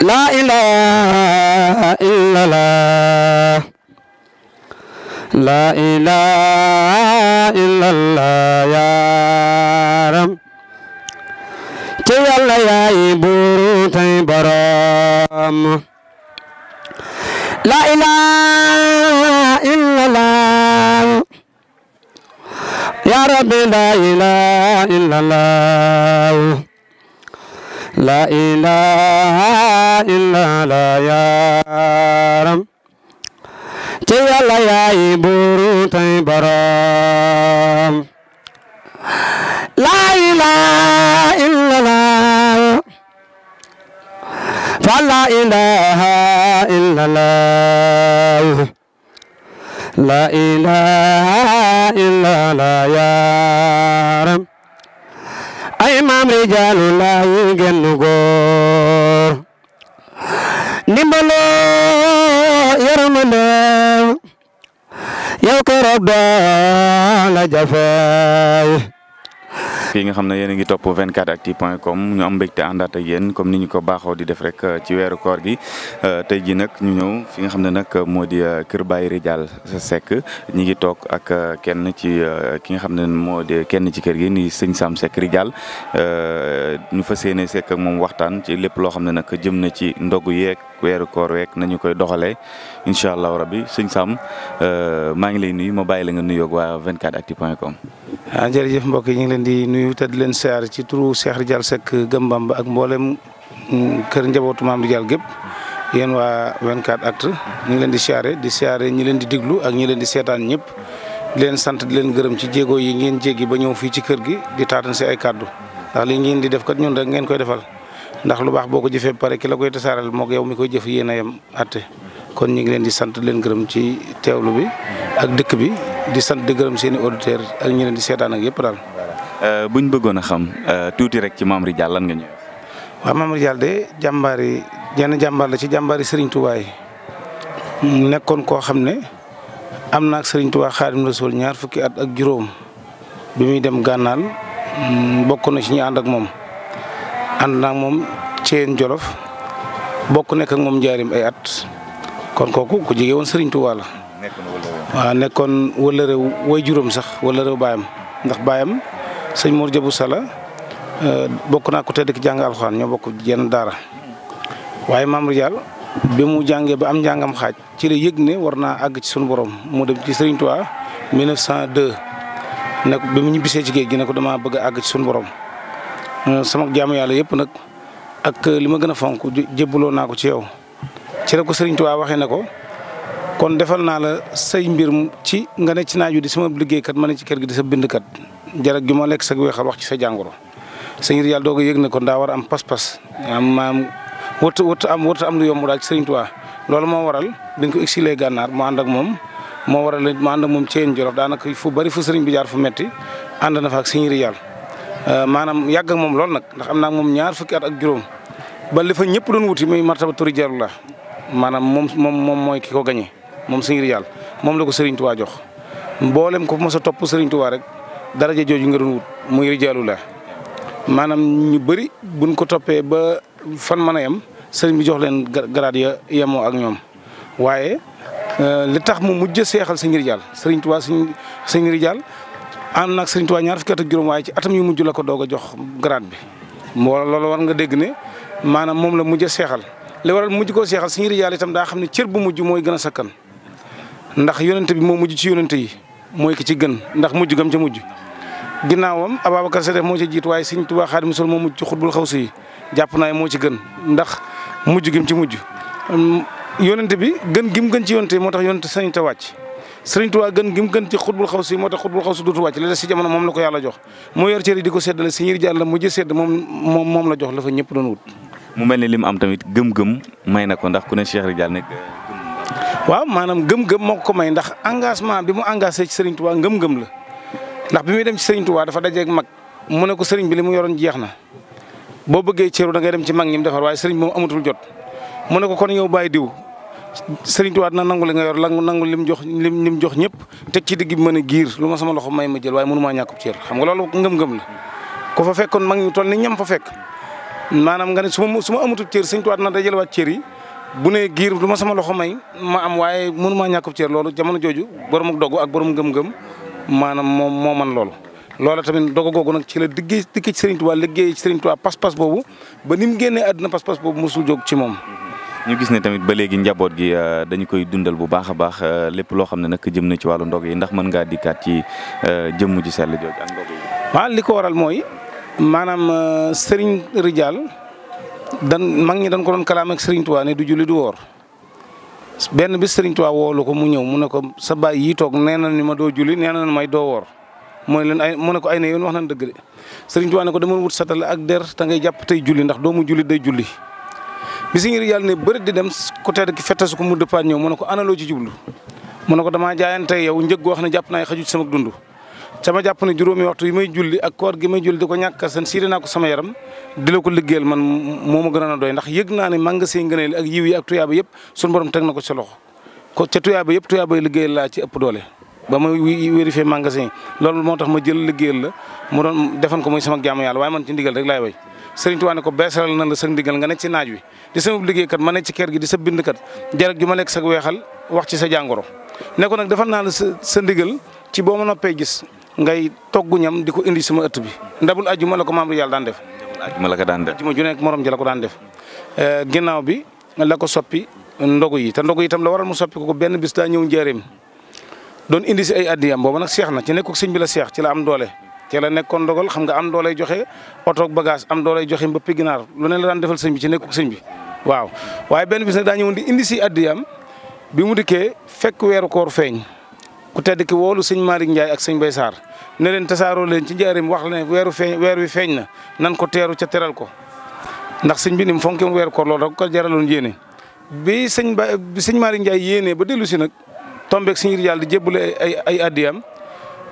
لا إله إلا الله لا إله إلا الله يا رب ci Yàlla yaay buur tey borom لا إله إلا الله يا رب لا إله إلا الله لا إله إلا الله يا رب ci yàlla yaay buuru tey borom laa ilaaha illallah fa laa ilaaha illallah laa ilaaha illallah yaaram ay maam rijaalu laa yi genn góor ndimbaloo la yow keroog la jafee fii nga xam ne yéen a ngi topp 24actu point com ñu am mbégte àndaat ak yéen comme ni ñu ko baaxoo di def rek ci weeru koor gi euh, tey ji nag ñu ñëw fi nga xam ne nag moo di euh, Kër Baye Ridial sekk ñi ngi toog ak euh, kenn ci ki nga xam ne moo di kenn ci kër gi ni sëñ Sam Seck Ridial ñu fas yéene Seck moom waxtaan ci lépp loo xam ne nag jëm na ci ndogu yeeg weeru koor weeg nañu koy doxalee incha allahu rabbi sëñ Sam maa ngi lay nuyu ma bàyyi la nga nuyoog waa 24actu point com ah, jërëjëf nuyu te di leen siyaar ci turu Cheikh Ridial Seck Gëm Bamba ak mboolem mm, kër njabootu Mame Ridial gépp yéen waa 24 actu ñu ngi leen di siyaare di siyaare ñi leen di diglu ak ñi leen di seetaan ñëpp leen sant leen gërëm ci jéego yi ngeen jéggi ba ñëw fii ci kër gi di taatan si ay kàddu ndax li ngeen di def kat ñun rek ngeen koy defal ndax lu baax boo ko jëfee pare ki la koy tasaaral moog yow mi koy jëf yéen a yem atte kon ñu ngi leen di sant leen gërëm ci teewlu bi ak dëkk bi di sant di gërëm seen i auditeurs ak ñi leen di seetaan ak yëpp daal Euh, bu ñu bëggoon a xam euh, tuuti rek ci Mamry Diall lan nga ñëw. waaw Mamry Diall de jàmbaar yi jenn jàmbaar la ci jàmbaari Serigne nekkoon koo xam ne am na ak Serigne Touba Xaadim ñaar fukki at ak juróom bi muy dem gànnaal mm, bokk na ci ñu ànd ak moom ànd naa moom Ceen Jolof bokk nekk ak moom njaarim ay at kon kooku ku jege woon Serigne la. nekkoon wëllëre waaw nekkoon juróom sax wëllëre baayam ndax baayam. sëñ Mor Diabou Sala euh, bokk naa ko te dëkk jàng alxuraan ñoo bokk jenn daara waaye Mame Ridial bi mu jàngee ba am njàngam xaaj ci la yëg ne war naa àgg ci suñu borom mu dem ci Serigne Touba 1902 nag bi mu ñibbisee ci géej gi ne ko damaa bëgg àgg ci suñu borom euh, sama jaamu yàlla yëpp nag ak li ma gën a fonk jébbaloo naa ko ci yow. ci la ko Serigne Touba waxee ne ko kon defal naa la say mbir ci nga ne ci naaju di sama liggéeykat ma ne ci kër gi di sa bindkat jarag gi moo lekk sa weexal wax ci sa jàngoro sëñ yàlla doog a yëg ne kon daa war a am pas-pas maam wërta wërta am wërta am lu yomb daal ci sëriñ Tuubaa loolu moo waral biñ ko exilé gànnaar mu ànd ak moom moo waral mu ànd ak moom Ceen Jolof daanaka fu bari fu sëriñ bi jaar fu metti ànd na fa ak sëñ yàlla euh, maanaam yàgg moom loolu nag ndax am naa moom ñaar fukki at ak juróom ba li fa ñëpp doon wuti muy martaba turi jarul la maanaam moom moom moom mooy ki ko gañe moom sëñ yàlla moom la ko sëriñ Tuubaa jox mboolem ko mos a topp sëriñ Tuubaa rek daraja jooju nga doon wut muy rijaalu la maanaam ñu bëri buñ ko toppee ba fan mën a yem sëriñ bi jox leen garaat ya yemoo ak ñoom waaye euh, li tax mu mujj seexal sëñ rijaal sëriñ Tuubaa sëñ sëñ rijaal ànd naag sëriñ Tuubaa ñaar fukki at waaye ci atam yu mujj la ko doog a jox garaat bi. moo loolu war nga dégg ne maanaam moom la mujj seexal li mujj koo seexal sëñ rijaal itam daa xam ne cër bu mujj mooy gën a sakkan ndax yonente bi moo mujj ci yonente yi. mooy ki ci gën ndax mujj gam ci mujj ginnaawam Ababacar Sadikh moo ci jiitu waaye Sëriñ Tuubaa Xaadimu Rasuul moo mujj ci xutbul xaw si jàpp naa moo ci gën ndax mujj gim ci mujj yonente bi gën gim gën ci yonente moo tax yonente sañ ta wàcc Sëriñ Tuubaa gën gim gën ci xutbul xaw si moo tax xutbul xaw si dootu wàcc li des si jamono moom la ko yàlla jox moo yor cër yi di ko seddale si ñir jàlla mujj sedd moom moom moom la jox la fa ñëpp doon wut mu mel ni li mu am tamit gëm-gëm may na ko ndax ku ne Cheikh Ridial nekk waaw maanaam gëm-gëm moo ko may ndax engagement bi mu engagé ci Serigne Touba ngëm-ngëm la ndax bi muy dem ci Serigne Touba dafa dajeeg mag mu ne ko Serigne bi li mu yoroon jeex na boo bëggee cëru da ngay dem ci mag ñi mu defar waaye Serigne moom amatul jot mu ne ko kon yow bàyyi diw Serigne Touba dina nangu li nga yor langu nangu lim jox lim lim jox ñëpp teg ci digg bi mën giir lu ma sama loxo may ma jël waaye mënu maa ñàkkub cër xam nga loolu ngëm-ngëm la ku fa fekkoon mag ñu toll ni ñam fa fekk maanaam nga ne su ma su ma amatul cër Serigne na dina dajalewaat cër yi bu ne giir lu ma sama loxo may ma am waaye mënuma ñàkkub cër loolu jamono jooju borom ak dogu ak borom gëm-gëm maanaam moom moo man lool loola tamit dogu googu nag ci la diggee dikkee ci Serigne Touba liggéey ci Serigne Touba pas-pas boobu ba ni mu génnee àdduna pas-pas boobu mosul jóg ci moom. ñu gis ne tamit ba léegi njaboot gi euh, dañu koy dundal bu baax a baax euh, lépp loo xam ne nag jëm na ci wàllu ndog yi ndax mën ngaa dikkaat ci euh, jëmm ji sell jooju ak ndog yi. li ko waral mooy maanaam Serigne Ridial dan mag ñi dan ko doon kalaam ak Serigne Touba ne du julli du woor benn bi Serigne Touba woolu ko mu ñëw mu ne ko sa baay yii toog nee na ni ma doo julli nee na may doo woor mooy leen ay mu ne ko ay na yoon wax nañ dëgg de Serigne Touba ne ko dama wut satal ak der te ngay jàpp tey julli ndax doomu julli day julli. bi si ngir yàlla ne bëri di dem côté ki su ko mu dëppaat ñëw mu ne ko analoo ci jublu mu ne ko damaa jaayante yow njëg wax ne jàpp naay xajut sama dund. sama jàpp ne juróomi waxtu yi may julli ak koor gi may julli di ko ñàkk san siire naa ko sama yaram di la ko liggéeyal man moo ma gën a doy ndax yëg naa ne magasin ngëneel ak yiw yi ak tuyaaba yëpp sunu borom teg na ko ci loxo ci ma vérifié magasin yi loolu moo ma la mu doon na la sa ndigal nga ne ci ma ne di sa bindkat jarag ju ma lekk sa weexal wax ci sa jàngoro ne ko nag defal naa sa ndigal ci boo ma noppee gis ngay togg ñam di ko indi sama ëtt bi ndabul ajjuma la ko membre yàlla daan def. ajjuma la daan def ajjuma ju nekk morom ji ko daan def. Eh, ginnaaw bi la ko soppi ndogu yi ta ndogu yi tam la waral mu soppi ko benn bis daa ñëw njëriñ doon indi si ay addiyam booba nag seex na ci nekkul sëñ bi la seex ci la am doole. ci la nekkoon ndogal xam nga am doolay joxe oto ak am doolay joxe mbëppi ginaar lu ne la daan defal sëñ bi ci nekkul sëñ bi waaw. waaye benn bis nag daa ñëw di indi si addiyam bi mu dikkee fekk weeru koor feeñ ku tedd ki woolu sëñ Malick Ndiaye ak sëñ Bay saar ne leen tasaaroo leen ci njaarim wax ne weeru feeñ weer wi feeñ na nan ko teeru ca teral ko ndax sëñ bi ni mu fonke mu weer ko lool rek ko jaraloon yéene bi sëñ ba bi sëñ Mari Njaay yéene ba dellu si nag tombeeg sëñ Rijaal di jébbale ay ay addiyam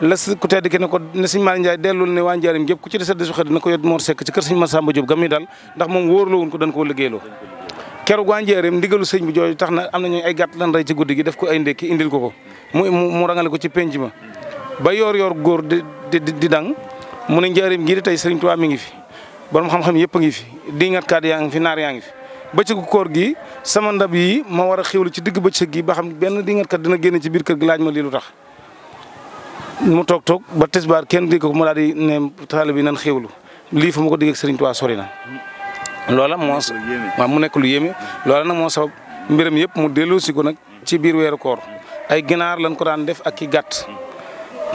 la ku tedd ki ko ne sëñ Mari Njaay dellul ne waa njaarim gépp ku ci desal desu xëy na ko yot Mor Seck ci kër sëñ Masamba Diop gam yi daal ndax moom wóorloo wuñ ko dañ koo liggéeyloo keroog waa Njaaréem ndigalu sëñ bi jooju tax na am na ñooy lan rey guddi gi def ko ay ndékki indil ko ko mu mu rangale ko ci penc ma ba yoor yor góor di di di dang mu ne njaareem gii di tey Serigne Touba mi ngi fi borom xam-xam yëpp a ngi fi diingat kaat yaa ngi fi naar yaa ngi fi. bëccëgu koor gi sama ndab yi ma war a xéwlu ci digg bëccëg gi ba xam benn diingat kat dina génn ci biir kër gi laaj ma lii lu tax. mu toog toog ba tisbaar kenn di ko mu daal ne taalibe bi nan xéwlu lii fu mu ko digg ak Serigne Touba sori na. loola moo waaw mu nekk lu yéeme loola nag moo sabab mbiram yëpp mu delloosi ko nag ci biir weeru koor ay ginaar lañ ko daan def ak ki gàtt.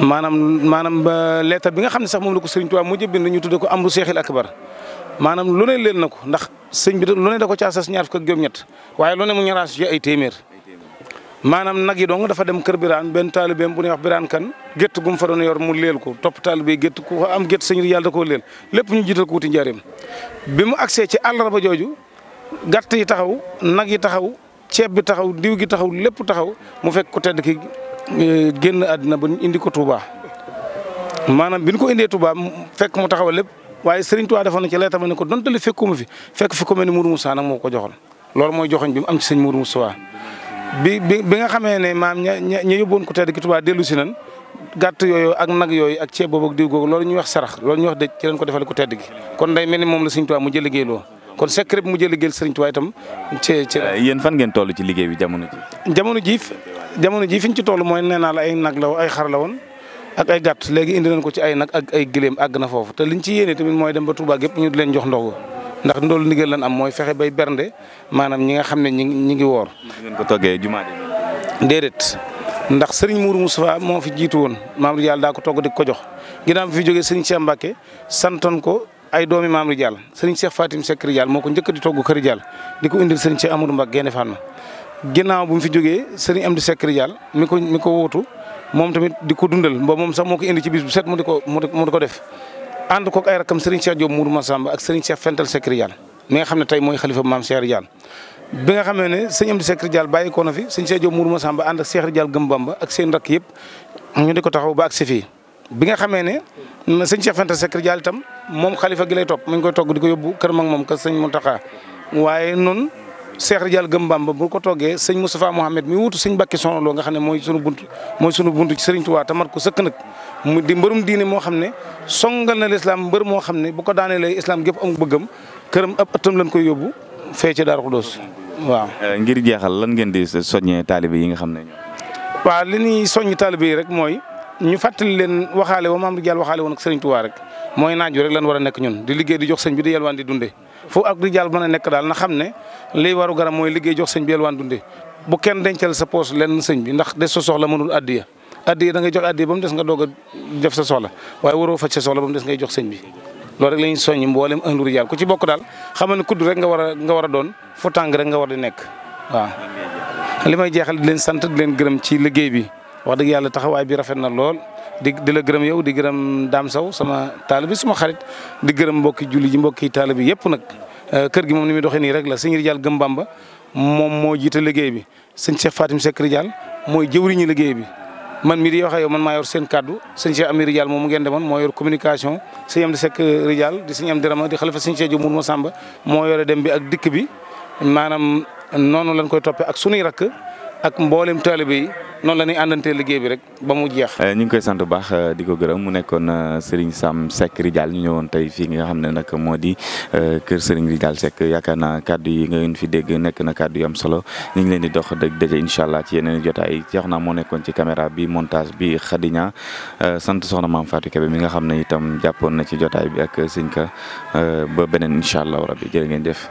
maanaam maanaam lettre bi nga xam ne sax moom la ko Serigne Touba mujj bind ñu tudde ko amru seexil akbar maanaam lu ne leen na ko ndax sëñ bi lu ne da ko caasas ñaar fukk ak juróom-ñett waaye lu mu ñaraas ci ay téeméer maanaam nag yi dong dafa dem kër biraan benn taalibeem bu ñuy wax biraan kan gétt gu mu fa yor mu leel ko topp taalibe gétt ko am gétt sëñ yàlla da koo leel lépp ñu jiital ko wuti njaareem bi mu agsee ci àllarba jooju gàtt yi taxaw nag yi taxaw ceeb bi taxaw diw gi taxaw lépp taxaw mu fekk ku tedd ki Euh, génn àddina ba indi ko Touba maanaam bi ñu ko indee Touba fekk mu taxawal lépp waaye Serigne Touba defoon na ci leetam ne ko donte li fekk fi ko mel ni moo ko joxoon loolu mooy joxoñ bi mu am ci sëñ Mourou Moussa bi bi nga ña ña yóbbuwoon ko tedd ki dellu si nan gàtt yooyu ak nag yooyu ak ceeb boobu ak loolu ñuy wax sarax loolu ñuy wax dëj ci lañ ko defal ko tedd gi kon day mel ni moom la Serigne Touba mu jël jël liggéeyal Serigne Touba itam. Euh, yéen fan ngeen toll ci liggéey bi jamono ji. jamono ji fi ñu ci toll mooy nee ay nag la ay xar la woon ak ay gàtt léegi indi nañ ko ci ay nag ak ay giléem àgg na foofu te liñ ci yéene tamit mooy dem ba Touba gépp ñu di leen jox ndogu ndax ndoolu ndigal lan am mooy fexe bay bernde maanaam ñi nga xam ne ñi ñi ngi woor. ngeen ko toggee jumaa déedéet ndax Serigne Mourou Moustapha moo fi jiitu woon Mamadou Diall daal ko togg di ko jox ginnaaw bi fi jógee Serigne Cheikh mbake santoon ko ay doomi Mamadou Diall Serigne Cheikh Fatim Seck Diall moo ko njëkk di togg kër Diall di ko indil Serigne Cheikh Amadou Mbacke génne ginnaaw bu mu fi jógee sëriñ Amdi Seck Rijaal mi ko mi ko wóotu moom tamit di ko dundal mba moom sax moo ko indi ci bis bu set mu di ko mu di ko def. ànd koog ay rakam sëriñ ak sëriñ Cheikh Fental Seck Rijaal mi nga xam ne tey mooy xalifa maam Cheikh Rijaal bi nga xamee ne sëñ Amdi Seck Rijaal bàyyi na fi sëñ Cheikh Diop Mourou Massamba ànd ak Cheikh Rijaal Gëm Bamba ak seen rakk yëpp ñu di ko taxaw ba ak si fii bi nga xamee ne sëñ Cheikh Fental Seck Rijaal itam moom xalifa gi lay topp mu ngi koy togg di ko yóbbu kër mag moom ka sëñ Mountakha waaye noonu Cheikh Ridial Gëm Bamba bu ko toogee sëñ Moustapha Mohamed mi wutu sëñ Bakki Soxna Lo nga xam ne mooy sunu bunt mooy sunu bunt ci sëriñ Tuubaa tamat ko sëkk nag mu di mbërum diine moo xam ne songal na lislaam mbër moo xam ne bu ko daanee lay islam gépp am bëggam këram ab ëttam lañ koy yóbbu fee ci Daaru Xudoos waaw. Euh, ngir jeexal lan ngeen di soññee taalibe yi nga xam ne. waaw li ñuy soññ taalibe yi rek mooy ñu fàttali leen waxaale ba Maam Ridial waxaale woon ak sëriñ Tuubaa rek mooy naaj rek war a nekk ñun liggéey di jox bi di di dundee fu ak rijaal mën a nekk daal na xam ne liy waru garam mooy liggéey jox sëñ bi yelwaan dunde bu kenn dencal sa poos lenn sëñ bi ndax des sa soxla mënul addiya addiya da ngay jox addiya ba mu des nga doog a def sa soxla waaye waroo faj sa soxla ba mu des ngay jox sëñ bi lool rek la ñuy soññ mboolem ahlu rijaal ku ci bokk daal xamal ne kudd rek nga war a nga war a doon fu tàng rek nga war di nekk waaw li may jeexal di leen sant di leen gërëm ci liggéey bi wax dëgg yàlla taxawaay bi rafet na lool di di la gërëm yow di gërëm daam saw sama taalibe suma xarit di gërëm mbokki julli ji mbokki taalibe yëpp nag euh, kër gi moom ni muy doxee nii rek la sëñ Rijaal Gëm Bamba moom moo jiite liggéey bi sëñ Cheikh Fatim Seck Rijaal mooy jëwriñu liggéey bi man mii di wax ak man maa yor seen kaddu sëñ Cheikh moom ngeen demoon moo yor communication sëñ Amdi Seck Rijaal di sëñ Amdi Rama di xalifa sëñ Cheikh Jumur Masamba moo yore dem bi ak dikk bi maanaam noonu lañ koy toppee ak sunuy rakk ak mboolem taalibe yi noonu la ñuy àndantee liggéey bi rek ba mu jeex. ñu ngi koy sant bu baax di ko gërëm mu nekkoon Serigne Sam Seck Ridial ñu ñëwoon tey fii nga xam ne nag moo di kër Serigne Ridial Seck yaakaar naa kàddu yi nga fi dégg nekk na kàddu yu am solo ñu ngi leen di dox dëgg daje incha allah ci yeneen jotaay jeex naa moo nekkoon ci caméra bi montage bi Khadija sant soxna maam Fatou Kébé mi nga xam ne itam jàppoon na ci jotaay bi ak sëñ ka ba beneen incha allah rabbi jërë ngeen def